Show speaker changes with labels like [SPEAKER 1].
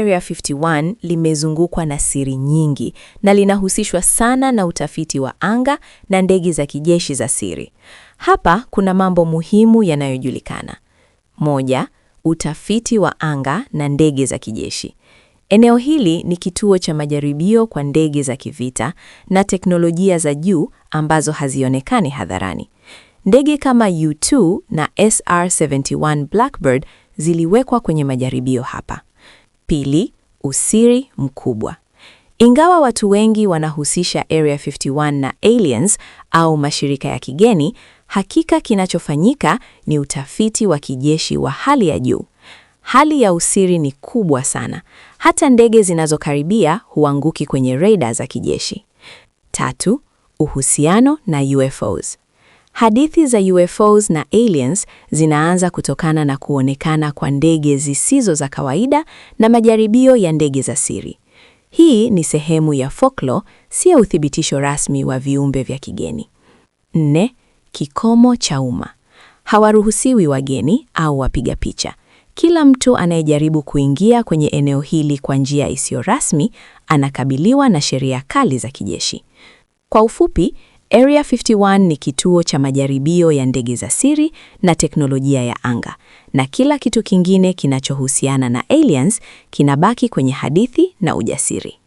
[SPEAKER 1] Area 51 limezungukwa na siri nyingi na linahusishwa sana na utafiti wa anga na ndege za kijeshi za siri. Hapa kuna mambo muhimu yanayojulikana. Moja, utafiti wa anga na ndege za kijeshi. Eneo hili ni kituo cha majaribio kwa ndege za kivita na teknolojia za juu ambazo hazionekani hadharani. Ndege kama U2 na SR-71 Blackbird ziliwekwa kwenye majaribio hapa. Pili, usiri mkubwa. Ingawa watu wengi wanahusisha Area 51 na aliens au mashirika ya kigeni, hakika kinachofanyika ni utafiti wa kijeshi wa hali ya juu. Hali ya usiri ni kubwa sana, hata ndege zinazokaribia huanguki kwenye rada za kijeshi. Tatu, uhusiano na UFOs. Hadithi za UFOs na aliens zinaanza kutokana na kuonekana kwa ndege zisizo za kawaida na majaribio ya ndege za siri. Hii ni sehemu ya folklore, si uthibitisho rasmi wa viumbe vya kigeni. Nne, kikomo cha umma. Hawaruhusiwi wageni au wapiga picha. Kila mtu anayejaribu kuingia kwenye eneo hili kwa njia isiyo rasmi anakabiliwa na sheria kali za kijeshi. Kwa ufupi, Area 51 ni kituo cha majaribio ya ndege za siri na teknolojia ya anga, na kila kitu kingine kinachohusiana na aliens kinabaki kwenye hadithi na ujasiri.